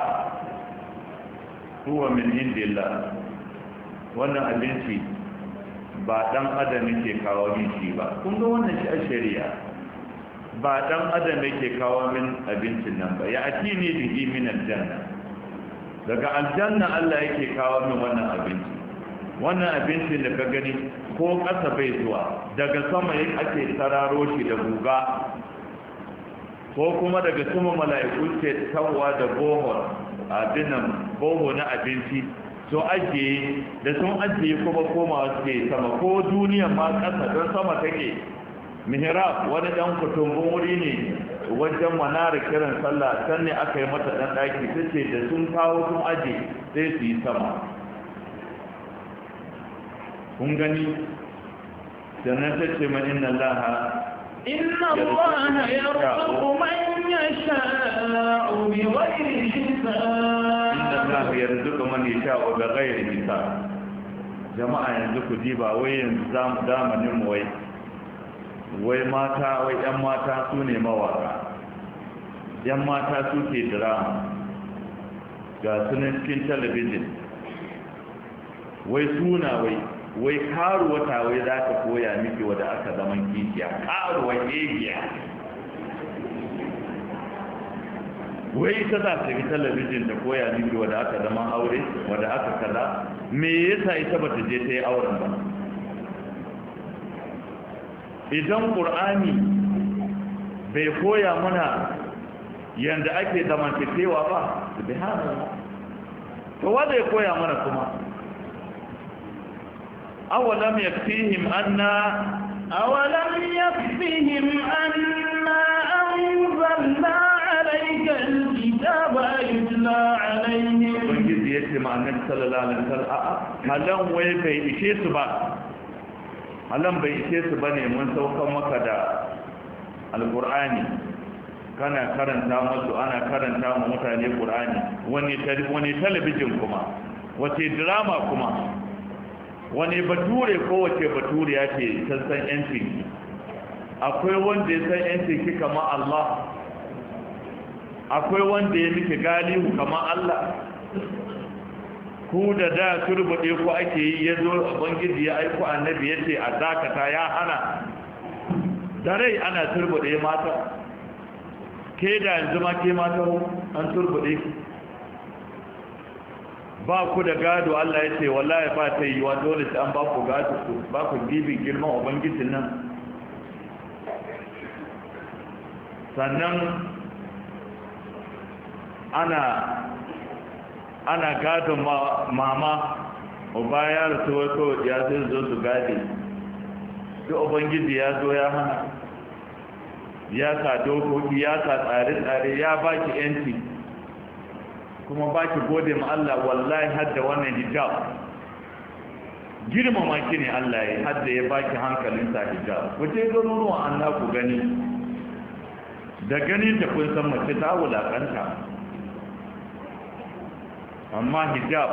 huwa min indillah wannan abinci ba dan adam ke kawo min shi ba kun ga wannan shi a shari'a ba dan adam ke kawo min abincin nan ba ya atini bihi min aljanna daga aljanna Allah yake kawo min wannan abinci wannan abinci da ka gani ko ƙasa bai zuwa daga sama yake ake tararo shi da guga ko kuma daga kuma mala'iku ce tawwa da bohol abinan boho na abinci sun ajiye da sun ajiye kuma koma suke sama ko duniya ma ƙasa don sama take mihrab wani dan kutumbu wuri ne wajen manara kiran sallah can ne aka yi mata dan ɗaki ta ce da sun kawo sun aje sai su yi sama kun gani sannan ta ce man inna allaha inna allaha yarzuqu man yasha'u bighayri hisab inna allaha yarzuqu man yasha'u bighayri hisab jama'a yanzu ku ji ba wai yanzu damanin wai wai mata wai yan mata su ne mawaka yan mata su ke drama ga sunan cikin talabijin wai suna wai wai karuwa ta wai za ka koya miki wadda aka zaman kishiya karuwa egiya wai ita za ta yi talabijin da koya miki wadda aka zaman aure wadda aka kada me yasa ita ba ta je ta yi auren ba idan ƙur'ani bai koya mana yadda ake zamantakewa ba su bi ba ta wadda ya koya mana kuma أولم يكفيهم أن أولم يكفيهم أنا أنزلنا عليك الكتاب يتلى عليهم ubangiji ya ce ma'anar sallallahu alaihi wasallam a'a halan wai bai ishe su ba halan bai ishe su bane mun saukan maka da alqur'ani kana karanta musu ana karanta mu mutane qur'ani wani wani talabijin kuma wace drama kuma wani bature kowace bature ya ce ta san yancin akwai wanda ya san yancin ki kama Allah akwai wanda ya miki galihu kama Allah ku da da turbaɗe ku ake yi ya zo bangiji ya aiku annabi ya ce a zakata ya hana da rai ana turbaɗe mata ke da yanzu ma ke mata an turbaɗe ki ba ku da gado Allah ya ce wallahi ba ta yi wa dole sai an ba ku gado ku ba ku gibin girman ubangijin nan sannan ana ana gadon mama uba ya rasu wato ya sai zo su gade duk ubangiji ya zo ya hana ya sa dokoki ya sa tsare-tsare ya baki yanci kuma ba ki gode ma Allah wallahi hadda wannan hijab girmama ki ne Allah ya hadda ya baki hankalin sa hijab wace garuruwa Allah ku gani da gani ta kun san mace ta wulakanta amma hijab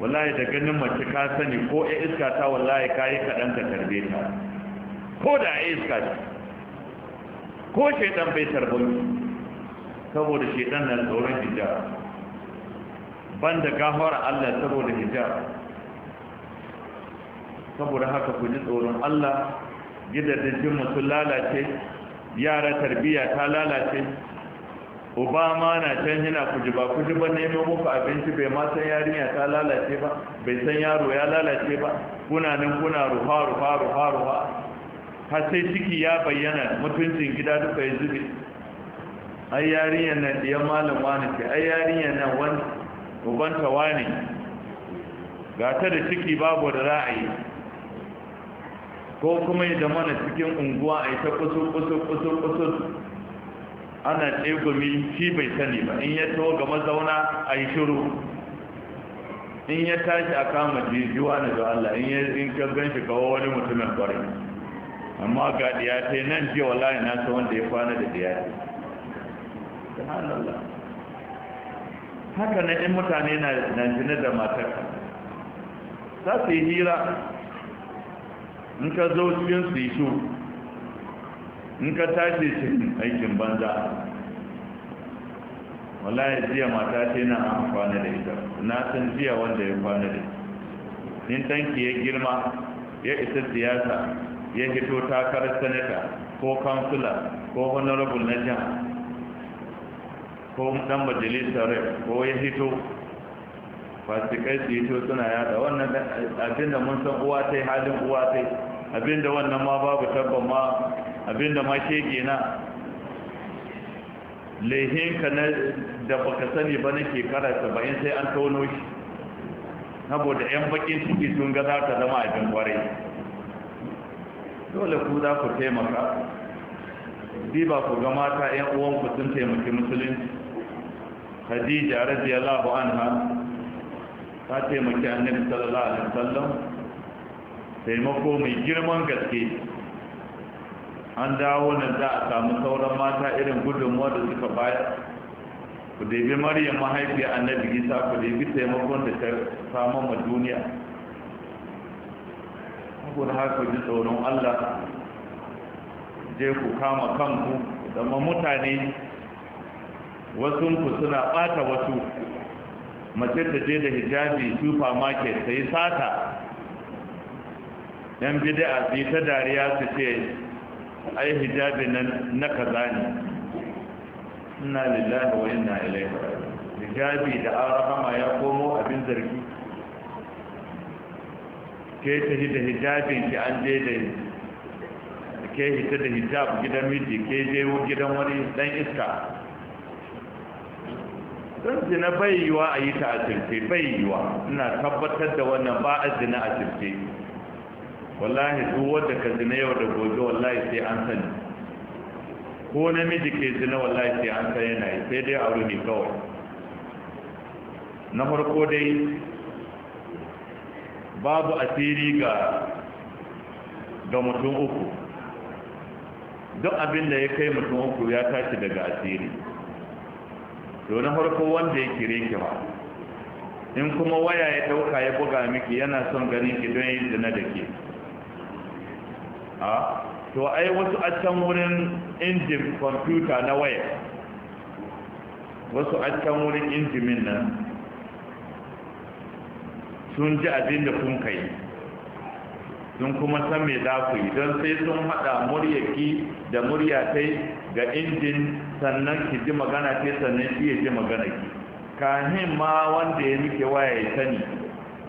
wallahi da ganin mace ka sani ko ya iska ta wallahi kayi kaɗan ka tarbe ta ko da ya iska ko ko shaidan bai tarbe saboda shekan na tsoron hijab banda gafara Allah saboda hijab saboda haka ku ji tsoron Allah gidajen sun lalace yara tarbiyya ta lalace obama na can yana kujiba ba neman muku abinci bai ma san yarinya ta lalace ba bai san yaro ya lalace ba kuna nan kuna ruha ruha ruha ruha har sai ciki ya bayyana mutuncin gida duka ya zube ai yarinyar nan diyan malam wani ce ai yarinyar nan wani ubanta wani ga ta da ciki babu da ra'ayi ko kuma yi zama na cikin unguwa a yi ta kusur kusur kusur kusur ana tsegumi shi bai sani ba in ya taho ga mazauna a yi shiru in ya tashi a kama jijuwa na da Allah in ya in ka gan shi kawo wani mutumin kwarai amma ga diya nan jiya wallahi na ta wanda ya kwana da diya subhanallah haka na in mutane na jini da matar za su yi hira in ka zo cikin su yi su in ka tashi cikin aikin banza wallahi jiya mata ce na an kwana da ita na san jiya wanda ya kwana da in tanki ya girma ya isa siyasa ya hito takarar sanata ko kansula ko honorable na jihar. ko dan majalisar rep ko ya hito fasikai su hito suna yada wannan abinda mun san uwa ta yi halin uwa ta abinda wannan ma babu tabban ma abinda ma keke na ka na da baka sani ba na shekara saba'in sai an tono shi saboda 'yan bakin ciki sun ga za ta zama abin kwarai dole ku za ku taimaka ba ku ga mata 'yan uwanku sun taimaki musulunci khadija radiyallahu anha ta taimaki annabi sallallahu alaihi wasallam taimako mai girman gaske an dawo nan za a samu sauran mata irin gudunmuwa da suka bayar ku debi maryam mahaifiya annabi isa ku debi taimakon da ta samu ma duniya da haka ji tsoron allah je ku kama kanku zama mutane wasunku suna ɓata wasu mace ta je da hijabi supermarket ta yi sata yan bid'a su yi ta dariya su ce ai hijabi nan na kaza ne ina lillahi wa ina ilaihi hijabi da arahama ya komo abin zargi ke ta da hijabi ki an je da ke hita da hijab gidan miji ke je gidan wani dan iska Zan zina bai a yi ta a circe bai yiwa ina tabbatar da wannan ba a zina a circe wallahi duk wanda ka zina yau da gobe wallahi sai an sani ko namiji ke zina wallahi sai an sani yana yi sai dai aure ne kawai na farko dai babu asiri ga ga mutum uku duk abin da ya kai mutum uku ya tashi daga asiri to na farko wanda ya kire ki ba in kuma waya ya dauka ya buga miki yana son ganin ki don yin zina da ke a to ai wasu a can wurin injin kwamfuta na waya wasu a can wurin injimin nan sun ji abin da kun kai sun kuma san me za ku yi don sai sun haɗa muryarki da murya ta ga injin sannan ki ji magana ta sannan shi ya ji magana ki kahin ma wanda ya nike waya ya sani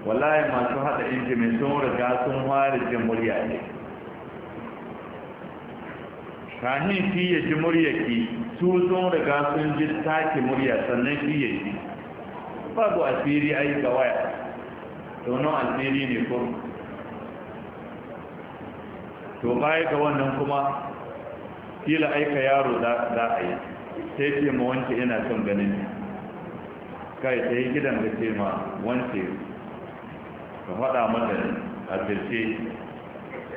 wallahi masu haɗa injin mai sun riga sun fara jin murya ne kahin shi ya ji muryarki su sun riga sun ji take murya sannan shi ya ji babu asiri ai ga waya to nan asiri ne ko to baya ga wannan kuma kila aika yaro za a yi sai ce ma wance ina son ganin kai ta yi gidan da ce ma wance ka faɗa mata a zirce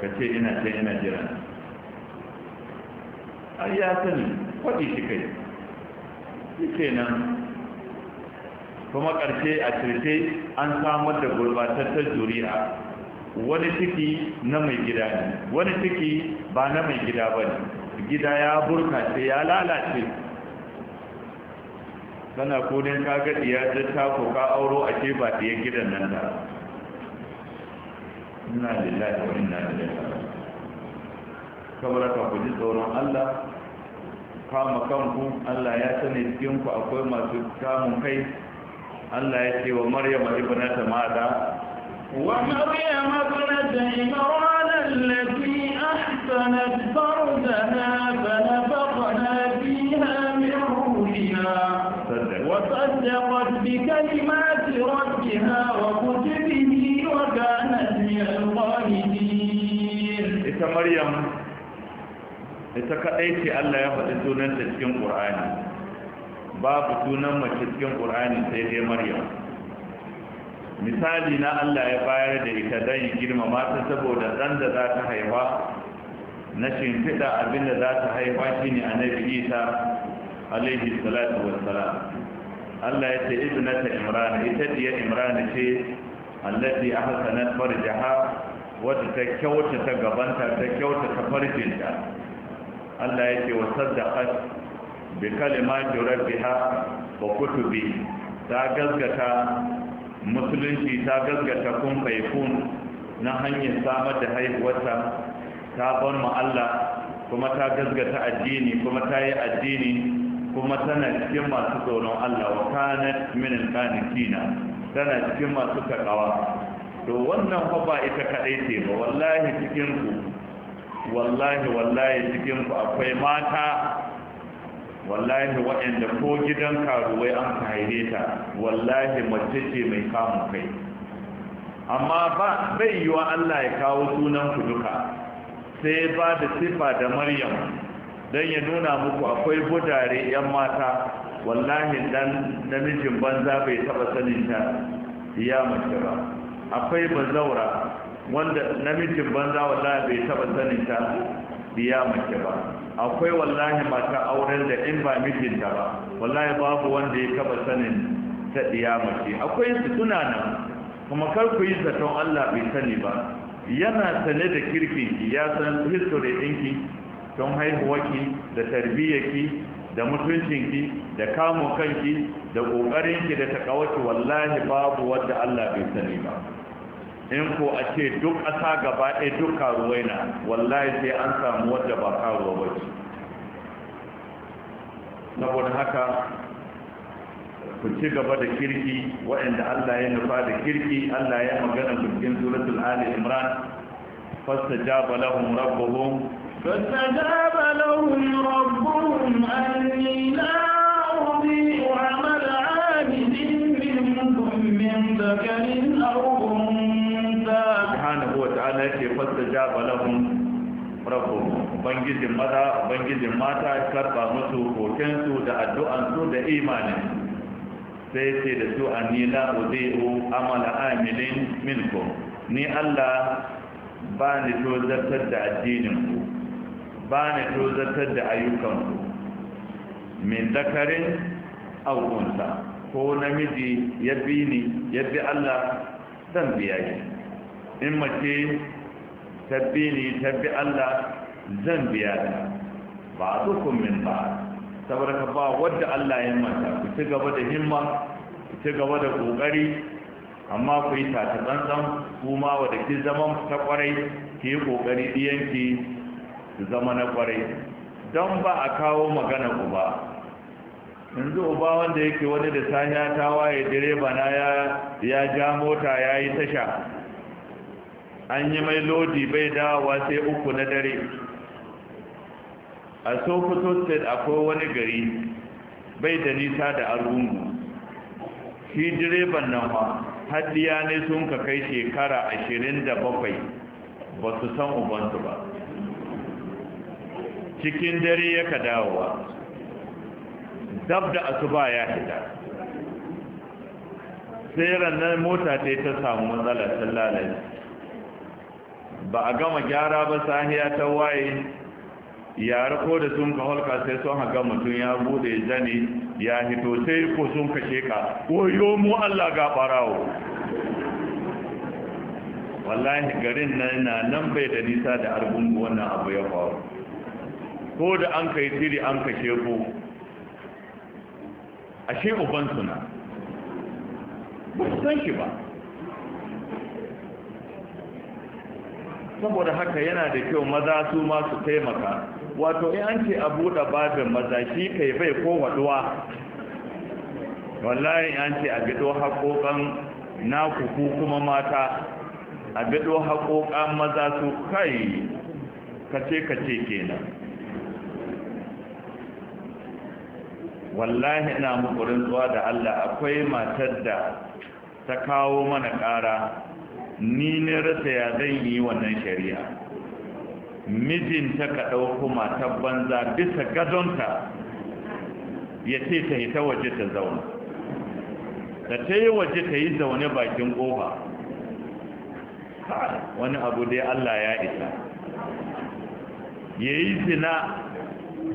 ka ce ina ce ina jiran a ya sani kwaɗi shi kai shi ke nan kuma ƙarshe a circe an samar da gurbatattar zuri'a wani ciki na mai gida ne wani ciki ba na mai gida ba ne gida ya burkace ya lalace tana kodin kaga ya ji ko ka auro a ce ba ɗaya gidan nan da ina da wani wa ina lillahi kamar ka ku ji tsoron Allah kama kanku Allah ya sani cikinku akwai masu kamun kai Allah ya ce wa Maryam ibnata mata ومريم ابنة التي أحسنت فرجها فنفخنا فيها من روحنا وصدقت بكلمات ربها وكتبه وكانت من القانتين. إذا مريم ita kaɗai ce Allah ya faɗi sunanta cikin ƙur'ani babu sunan mace cikin ƙur'ani sai dai maryam misali na Allah ya bayar da ita don yi girmama ta saboda ɗan da za ta haifa na shimfiɗa abin da za ta haifa shi ne annabi isa alaihi salatu Allah ya ce ibnata imran ita diya imran ce allati ahsanat ha wadda ta kyauta ta gabanta ta kyauta ta farjinta Allah ya ce wa saddaqat bi kalimati rabbiha wa kutubi ta gaskata musulunci ta gaggata kun faifun na hanyar samar da haihuwarta ta bar mu Allah kuma ta gaggata addini kuma ta yi addini kuma tana cikin masu tsoron Allah wa kanat min tana cikin masu takawa to wannan fa ba ita kadai ce ba wallahi cikin ku wallahi wallahi cikin ku akwai mata wallahi waɗanda ko gidan karuwai an ka haire ta wallahi mace ce mai kamun kai amma ba bai yiwa Allah ya kawo sunan ku duka sai ba da sifa da maryam don ya nuna muku akwai budare 'yan mata wallahi dan namijin banza bai taba sanin ta ya mace ba akwai bazaura wanda namijin banza wallahi bai taba sanin ta biya mace ba akwai wallahi mata auren da in ba mijinta ba wallahi babu wanda ya kaba sanin ta ɗiya mace akwai su suna nan kuma kar ku yi zaton Allah bai sani ba yana sane da kirkin ya san history ɗinki don ki da ki da mutuncin ki da kamun kanki da ƙoƙarinki da takawaci wallahi babu wanda Allah bai sani ba in ko a ce duk ƙasa gaba ɗaya duk karuwai na wallahi sai an samu wadda ba karuwa ba ce saboda haka ku ci gaba da kirki waɗanda Allah ya nufa da kirki Allah ya magana cikin suratul Ali Imran fastajaba lahum rabbuhum fastajaba lahum rabbuhum anni ubangijin maza ubangijin mata karba musu hotonsu da addu'ansu da imanin sai ce da su an ni la udhi'u amala amilin minku. ni Allah ba ni zartar da addininku, ba ni zartar da ayyukanku min zakarin aukunta ko namiji ya bi ni ya bi Allah zan biya shi in mace tabbi ni tabbi Allah zan biya ta ba dukkan min ba saboda ba wadda Allah ya manta ku ci gaba da himma ku ci gaba da kokari amma ku yi tata tsantsan kuma wadda ki zaman ta kwarai ki yi kokari ɗiyanki su zama na kwarai don ba a kawo magana ku ba yanzu uba wanda yake wani da sanya ta waye direba na ya ja mota ya yi tasha an yi mai lodi bai dawowa sai uku na dare a sokoto state akwai wani gari bai da nisa da arungu shi direban nan ma haddiya ne sun ka kai shekara ashirin da bakwai ba su san ubansu ba cikin dare ya ka dawowa dab da asuba ya hita sai rannan mota ta ta samu matsalar sun lalace ba a gama gyara ba sahiya ta waye yare ko da sun ka halka sai sun haga mutum ya bude zani ya hito sai ko sun ka sheka koyo mu Allah ga barawo wallahi garin nan na nan bai da nisa da argungu wannan abu ya faru ko da an kai tiri an ka sheko ashe uban suna ba su san shi ba saboda haka yana da kyau maza su ma su taimaka wato in an ce a buɗe babin mazaki kai bai ko waduwa wallahi an ce a bido haƙoƙan naku ku kuma mata a bido haƙoƙan maza su kai kace-kace kenan wallahi ina muku zuwa da Allah akwai matar da ta kawo mana ƙara ni ne rasa ya zan yi wannan shari'a mijinta ka ɗauko mata banza bisa gadonta ya ce ta hita waje ta zauna da ta yi waje ta yi zaune bakin ƙofa wani abu dai Allah ya isa ya yi zina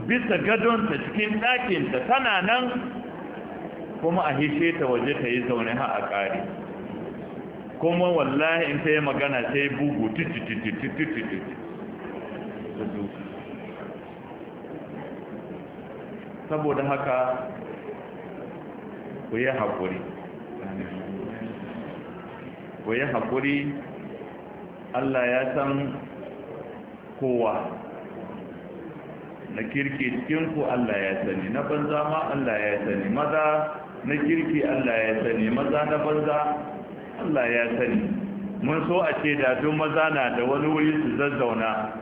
bisa gadonta cikin ɗakinta tana nan kuma a hishe ta waje ta yi zaune ha a ƙari kuma wallahi in ta yi magana sai bugu titi biyu saboda haka ku yi haƙuri ku yi haƙuri allah ya san kowa na kirki cikinku allah ya sani na banza ma allah ya sani maza na kirki allah ya sani maza na banza allah ya sani mun so a ce da duk maza na da wani wuri su zazzauna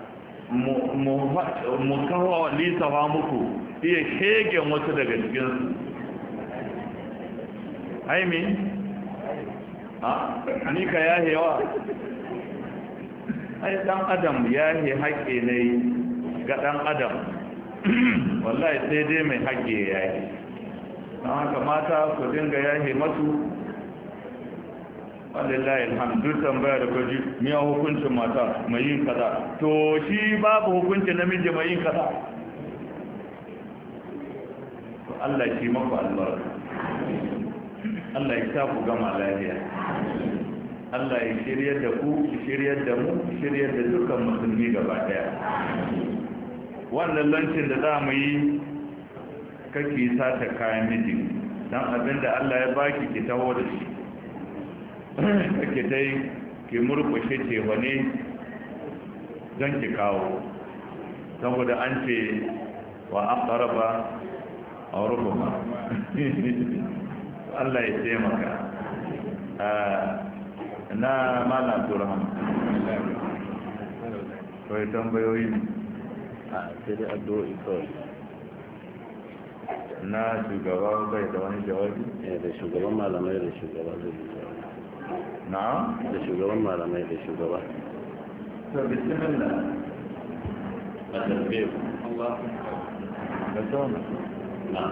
mu kawo lisafa muku iya hegen wasu daga cikinsu haimi ha? ni ka yahe wa ai dan adam yahe haƙe ne ga dan adam wallahi sai dai mai haƙe yahe don haka mata ku dinga yahe masu al-hamdu duk tambaya da kwaji mai hukuncin mata mai yin kaza to shi babu hukuncin namiji mai yin kaza Allah shi maku albarka Allah ya ta ku gama lafiya Allah ya shiryar da ku shiryar da mu shiryar da dukkan musulmi gaba daya wannan lancin da za mu yi kake sata kayan miji don abinda Allah ya baki ki taho da shi ki dai ke murkushe ce wani don ki kawo saboda an ce wa ba a ba Allah ya ce maka ah, na malam turham kawai tambayoyin a ah, sai addu'o'i kawai na shugaba bai da wani jawabi eh, da shugaban malamai da shugaba zai نعم ده شجران ما لما يدي شجران فبسم طيب، الله مثل فيه الله مثل نعم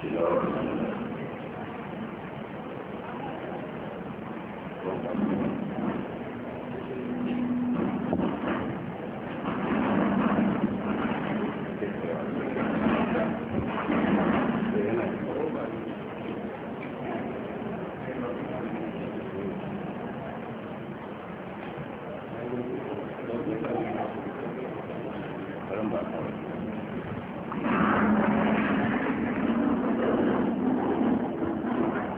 Thank you.